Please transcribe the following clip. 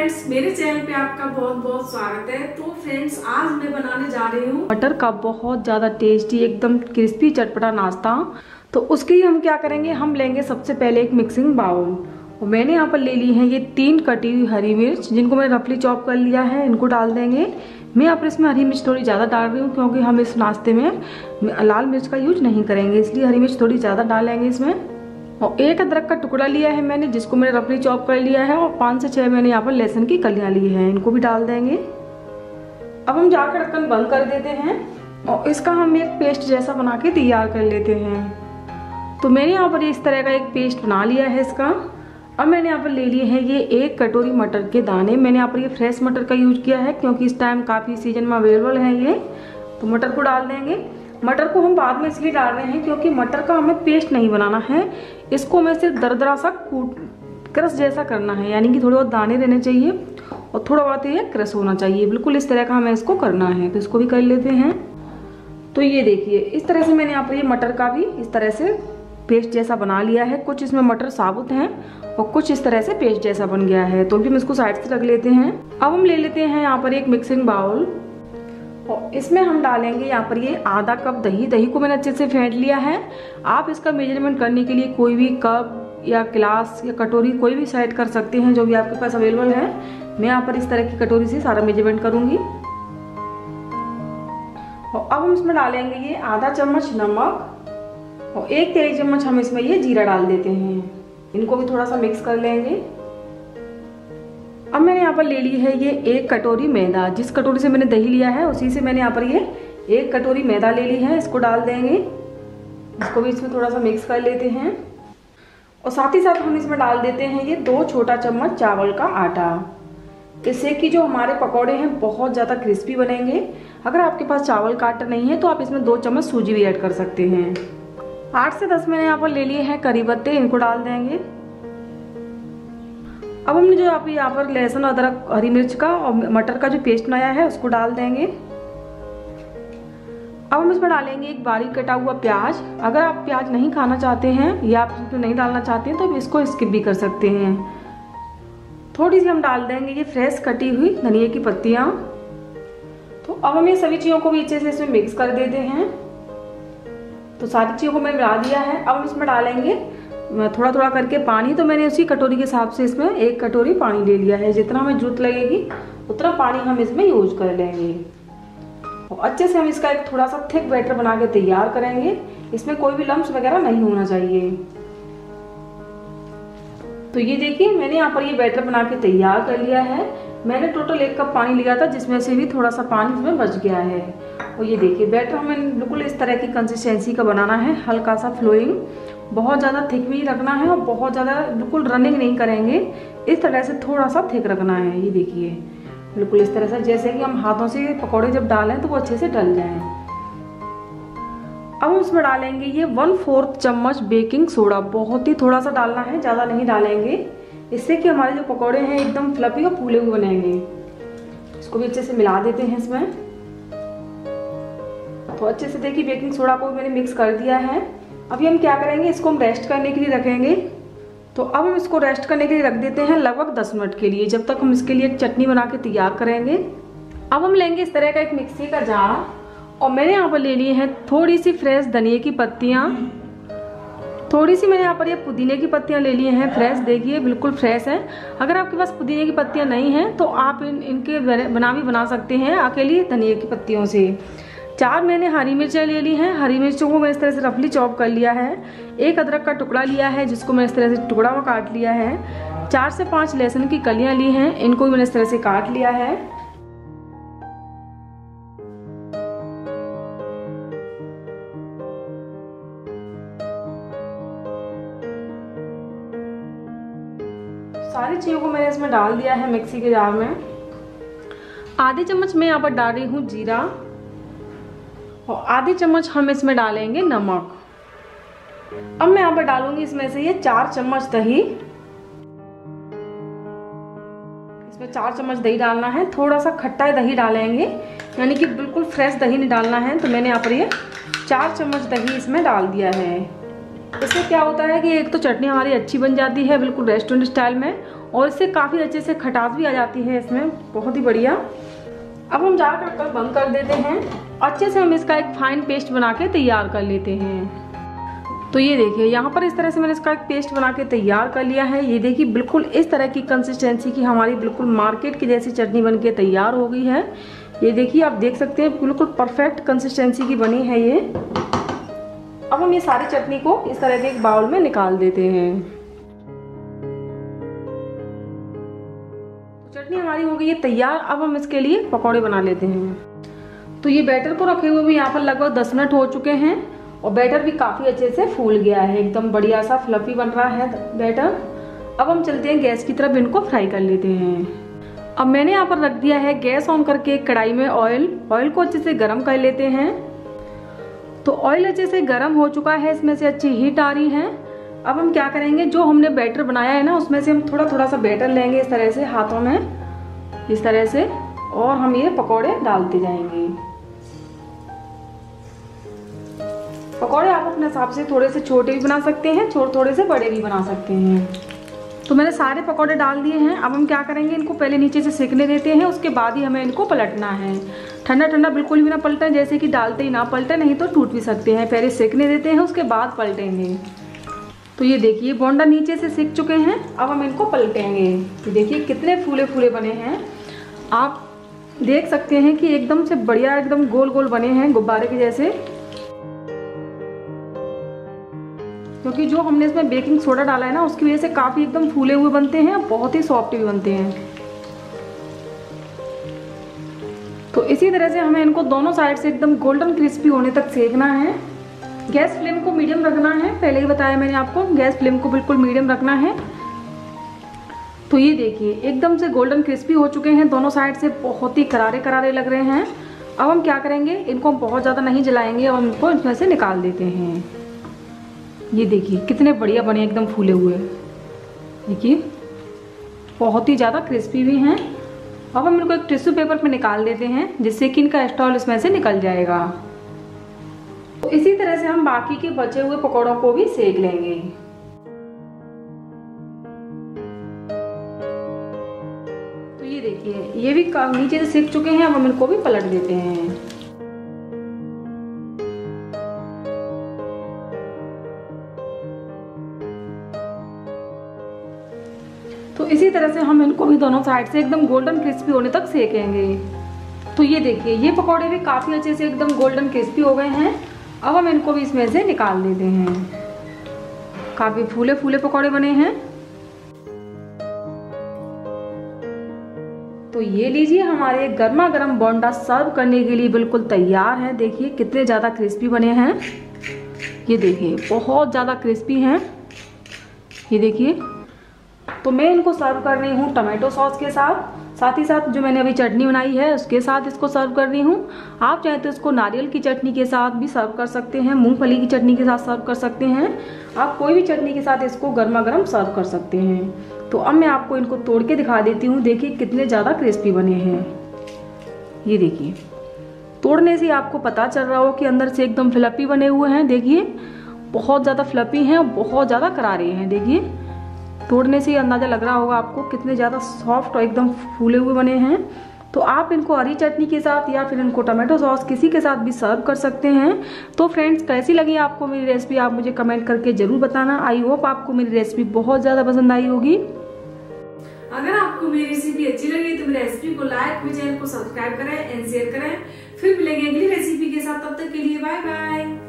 friends मेरे channel पे आपका बहुत बहुत स्वागत है तो फ्रेंड्स आज मैं बनाने जा रही हूँ मटर का बहुत ज़्यादा टेस्टी एकदम क्रिस्पी चटपटा नाश्ता तो उसके लिए हम क्या करेंगे हम लेंगे सबसे पहले एक मिक्सिंग बाउल और मैंने यहाँ पर ले ली है ये तीन कटी हुई हरी मिर्च जिनको मैंने रफली चॉप कर लिया है इनको डाल देंगे मैं यहाँ पर इसमें हरी मिर्च थोड़ी ज़्यादा डाल रही हूँ क्योंकि हम इस नाश्ते में लाल मिर्च का यूज नहीं करेंगे इसलिए हरी मिर्च थोड़ी ज़्यादा डालेंगे इसमें और एक अदरक का टुकड़ा लिया है मैंने जिसको मैंने रफली चॉप कर लिया है और पाँच से छः मैंने यहाँ पर लहसुन की कलियाँ ली हैं इनको भी डाल देंगे अब हम जाकर ढक्कन बंद कर देते हैं और इसका हम एक पेस्ट जैसा बना के तैयार कर लेते हैं तो मैंने यहाँ पर इस तरह का एक पेस्ट बना लिया है इसका अब मैंने यहाँ पर ले लिए हैं ये एक कटोरी मटर के दाने मैंने यहाँ पर ये फ्रेश मटर का यूज किया है क्योंकि इस टाइम काफ़ी सीजन में अवेलेबल है ये तो मटर को डाल देंगे मटर को हम बाद में इसलिए डाल रहे हैं क्योंकि मटर का हमें पेस्ट नहीं बनाना है इसको हमें सिर्फ दरदरा सा कूट क्रस जैसा करना है यानी कि थोड़े बहुत दाने रहने चाहिए और थोड़ा बहुत ये क्रस होना चाहिए बिल्कुल इस तरह का हमें इसको करना है तो इसको भी कर लेते हैं तो ये देखिए इस तरह से मैंने यहाँ पर ये मटर का भी इस तरह से पेस्ट जैसा बना लिया है कुछ इसमें मटर साबुत हैं और कुछ इस तरह से पेस्ट जैसा बन गया है तो भी हम इसको साइड से रख लेते हैं अब हम ले लेते हैं यहाँ पर एक मिक्सिंग बाउल और इसमें हम डालेंगे यहाँ पर ये आधा कप दही दही को मैंने अच्छे से फेंट लिया है आप इसका मेजरमेंट करने के लिए कोई भी कप या गिलास या कटोरी कोई भी सेट कर सकते हैं जो भी आपके पास अवेलेबल है मैं यहाँ पर इस तरह की कटोरी से सारा मेजरमेंट करूँगी और अब हम इसमें डालेंगे ये आधा चम्मच नमक और एक तेरी चम्मच हम इसमें ये जीरा डाल देते हैं इनको भी थोड़ा सा मिक्स कर लेंगे अब मैंने यहाँ पर ले ली है ये एक कटोरी मैदा जिस कटोरी से मैंने दही लिया है उसी से मैंने यहाँ पर ये एक कटोरी मैदा ले ली है इसको डाल देंगे इसको भी इसमें थोड़ा सा मिक्स कर लेते हैं और साथ ही साथ हम इसमें डाल देते हैं ये दो छोटा चम्मच चावल का आटा इससे कि जो हमारे पकौड़े हैं बहुत ज़्यादा क्रिस्पी बनेंगे अगर आपके पास चावल का आटा नहीं है तो आप इसमें दो चम्मच सूजी भी ऐड कर सकते हैं आठ से दस मैंने यहाँ पर ले लिए हैं करी पत्ते इनको डाल देंगे अब हमने जो आप यहाँ पर लहसुन अदरक हरी मिर्च का और मटर का जो पेस्ट बनाया है उसको डाल देंगे अब हम इसमें डालेंगे एक बारीक कटा हुआ प्याज अगर आप प्याज नहीं खाना चाहते हैं या आप इसमें नहीं डालना चाहते हैं तो आप इसको स्किप भी कर सकते हैं थोड़ी सी हम डाल देंगे ये फ्रेश कटी हुई धनिया की पत्तियाँ तो अब हम ये सभी चीज़ों को भी अच्छे से इसमें मिक्स कर देते हैं तो सारी चीज़ों को मैंने मिला दिया है अब हम इसमें डालेंगे थोड़ा थोड़ा करके पानी तो मैंने उसी कटोरी के हिसाब से इसमें एक कटोरी पानी ले लिया है जितना हमें जरूरत लगेगी उतना पानी हम इसमें यूज कर लेंगे और तो अच्छे से हम इसका एक थोड़ा सा थिक बैटर बना के तैयार करेंगे इसमें कोई भी लम्ब वगैरह नहीं होना चाहिए तो ये देखिए मैंने यहाँ पर ये बैटर बना के तैयार कर लिया है मैंने टोटल एक कप पानी लिया था जिसमें से भी थोड़ा सा पानी इसमें बच गया है और ये देखिए बैटर हमें बिल्कुल इस तरह की कंसिस्टेंसी का बनाना है हल्का सा फ्लोइंग बहुत ज़्यादा थिक भी रखना है और बहुत ज़्यादा बिल्कुल रनिंग नहीं करेंगे इस तरह से थोड़ा सा थिक रखना है ये देखिए बिल्कुल इस तरह से जैसे कि हम हाथों से पकौड़े जब डालें तो वो अच्छे से डल जाएँ अब हम इसमें डालेंगे ये वन फोर्थ चम्मच बेकिंग सोडा बहुत ही थोड़ा सा डालना है ज़्यादा नहीं डालेंगे इससे कि हमारे जो पकौड़े हैं एकदम फ्लपी और फूले हुए बनेंगे इसको भी अच्छे से मिला देते हैं इसमें तो अच्छे से देखिए बेकिंग सोडा को मैंने मिक्स कर दिया है अभी हम क्या करेंगे इसको हम रेस्ट करने के लिए रखेंगे तो अब हम इसको रेस्ट करने के लिए रख देते हैं लगभग 10 मिनट के लिए जब तक हम इसके लिए चटनी बना के तैयार करेंगे अब हम लेंगे इस तरह का एक मिक्सी का जार और मैंने यहाँ पर ले लिए हैं थोड़ी सी फ्रेश धनिए की पत्तियाँ थोड़ी सी मैंने यहाँ पर ये पुदीने की पत्तियाँ ले लिए हैं फ्रेश देखिए बिल्कुल फ्रेश है अगर आपके पास पुदीने की पत्तियाँ नहीं हैं तो आप इन इनके बना भी बना सकते हैं अकेली धनिए की पत्तियों से चार मैंने हरी मिर्चें ले ली हैं हरी मिर्चों को मैं इस तरह से रफली चॉप कर लिया है एक अदरक का टुकड़ा लिया है जिसको मैं इस तरह से टुकड़ा में काट लिया है चार से पांच लहसुन की कलियां ली हैं इनको भी मैंने इस तरह से काट लिया है सारी चीज़ों को मैंने इसमें डाल दिया है मिक्सी के जार में आधे चम्मच मैं यहाँ पर डाल रही हूँ जीरा और आधी चम्मच हम इसमें डालेंगे नमक अब मैं यहाँ पर डालूंगी इसमें से ये चार चम्मच दही इसमें चार चम्मच दही डालना है थोड़ा सा खट्टा दही डालेंगे यानी कि बिल्कुल फ्रेश दही नहीं डालना है तो मैंने यहाँ पर ये चार चम्मच दही इसमें डाल दिया है इससे क्या होता है कि एक तो चटनी हमारी अच्छी बन जाती है बिल्कुल रेस्टोरेंट स्टाइल में और इससे काफ़ी अच्छे से खटास भी आ जाती है इसमें बहुत ही बढ़िया अब हम जाकर कर बंद कर देते हैं अच्छे से हम इसका एक फाइन पेस्ट बना के तैयार कर लेते हैं तो ये देखिए यहाँ पर इस तरह से मैंने इसका एक पेस्ट बना के तैयार कर लिया है ये देखिए बिल्कुल इस तरह की कंसिस्टेंसी की हमारी बिल्कुल मार्केट की जैसी चटनी बन के तैयार हो गई है ये देखिए आप देख सकते हैं बिल्कुल परफेक्ट कंसिस्टेंसी की बनी है ये अब हम ये सारी चटनी को इस तरह के एक बाउल में निकाल देते हैं हमारी हो गई है तैयार अब हम इसके लिए पकौड़े बना लेते हैं तो ये बैटर को रखे हुए भी यहाँ पर लगभग दस मिनट हो चुके हैं और बैटर भी काफ़ी अच्छे से फूल गया है एकदम बढ़िया सा फ्लफी बन रहा है बैटर अब हम चलते हैं गैस की तरफ इनको फ्राई कर लेते हैं अब मैंने यहाँ पर रख दिया है गैस ऑन करके कढ़ाई में ऑयल ऑयल को अच्छे से गर्म कर लेते हैं तो ऑयल अच्छे से गर्म हो चुका है इसमें से अच्छी हीट आ रही है अब हम क्या करेंगे जो हमने बैटर बनाया है ना उसमें से हम थोड़ा थोड़ा सा बैटर लेंगे इस तरह से हाथों में इस तरह से और हम ये पकोड़े डालते जाएंगे पकोड़े आप अपने हिसाब से थोड़े से छोटे भी बना सकते हैं छोटे थोड़े से बड़े भी बना सकते हैं तो मैंने सारे पकौड़े डाल दिए हैं अब हम क्या करेंगे इनको पहले नीचे से सेकने देते हैं उसके बाद ही हमें इनको पलटना है ठंडा ठंडा बिल्कुल भी ना पलटें जैसे कि डालते ही ना पलटे नहीं तो टूट भी सकते हैं पहले सेकने देते हैं उसके बाद पलटेंगे तो ये देखिए बोंडा नीचे से सीख चुके हैं अब हम इनको पलटेंगे तो देखिए कितने फूले फूले बने हैं आप देख सकते हैं कि एकदम से बढ़िया एकदम गोल गोल बने हैं गुब्बारे के जैसे क्योंकि जो हमने इसमें बेकिंग सोडा डाला है ना उसकी वजह से काफ़ी एकदम फूले हुए बनते हैं बहुत ही सॉफ्ट भी बनते हैं तो इसी तरह से हमें इनको दोनों साइड से एकदम गोल्डन क्रिस्पी होने तक सेकना है गैस फ्लेम को मीडियम रखना है पहले ही बताया मैंने आपको गैस फ्लेम को बिल्कुल मीडियम रखना है तो ये देखिए एकदम से गोल्डन क्रिस्पी हो चुके हैं दोनों साइड से बहुत ही करारे करारे लग रहे हैं अब हम क्या करेंगे इनको हम बहुत ज़्यादा नहीं जलाएंगे और इनको इसमें से निकाल देते हैं ये देखिए कितने बढ़िया बने एकदम फूले हुए देखिए बहुत ही ज़्यादा क्रिस्पी भी हैं अब हम इनको एक टिश्यू पेपर पे निकाल देते हैं जिससे कि इनका स्टॉल इसमें से निकल जाएगा इसी तरह से हम बाकी के बचे हुए पकौड़ों को भी सेक लेंगे तो ये देखिए ये भी नीचे से सेक चुके हैं अब हम इनको भी पलट देते हैं तो इसी तरह से हम इनको भी दोनों साइड से एकदम गोल्डन क्रिस्पी होने तक सेकेंगे तो ये देखिए ये पकौड़े भी काफ़ी अच्छे से एकदम गोल्डन क्रिस्पी हो गए हैं अब हम इनको भी इसमें से निकाल देते हैं काफ़ी फूले फूले पकौड़े बने हैं तो ये लीजिए हमारे गर्मा गर्म बोंडा सर्व करने के लिए बिल्कुल तैयार है देखिए कितने ज़्यादा क्रिस्पी बने हैं ये देखिए बहुत ज़्यादा क्रिस्पी हैं ये देखिए तो मैं इनको सर्व कर रही हूँ टमाटो सॉस के साथ साथ ही साथ जो मैंने अभी चटनी बनाई है उसके साथ इसको सर्व कर रही हूँ आप चाहे तो इसको नारियल की चटनी के साथ भी सर्व कर सकते हैं मूंगफली की चटनी के साथ सर्व कर सकते हैं आप कोई भी चटनी के साथ इसको गर्मा गर्म सर्व कर सकते हैं तो अब मैं आपको इनको तोड़ के दिखा देती हूँ देखिए कितने ज़्यादा क्रिस्पी बने हैं ये देखिए तोड़ने से आपको पता चल रहा हो कि अंदर से एकदम फ्लपी बने हुए हैं देखिए बहुत ज़्यादा फ्लपी हैं और बहुत ज़्यादा करारे हैं देखिए तोड़ने से ही अंदाज़ा लग रहा होगा आपको कितने ज़्यादा सॉफ्ट और एकदम फूले हुए बने हैं तो आप इनको हरी चटनी के साथ या फिर इनको टमाटो सॉस किसी के साथ भी सर्व कर सकते हैं तो फ्रेंड्स कैसी लगी आपको मेरी रेसिपी आप मुझे कमेंट करके ज़रूर बताना आई होप आपको मेरी रेसिपी बहुत ज़्यादा पसंद आई होगी अगर आपको मेरी रेसिपी अच्छी लगी तो मेरी रेसिपी को लाइक चैनल को सब्सक्राइब करें एंड शेयर करें फिर मिलेंगे अगली रेसिपी के साथ तब तक के लिए बाय बाय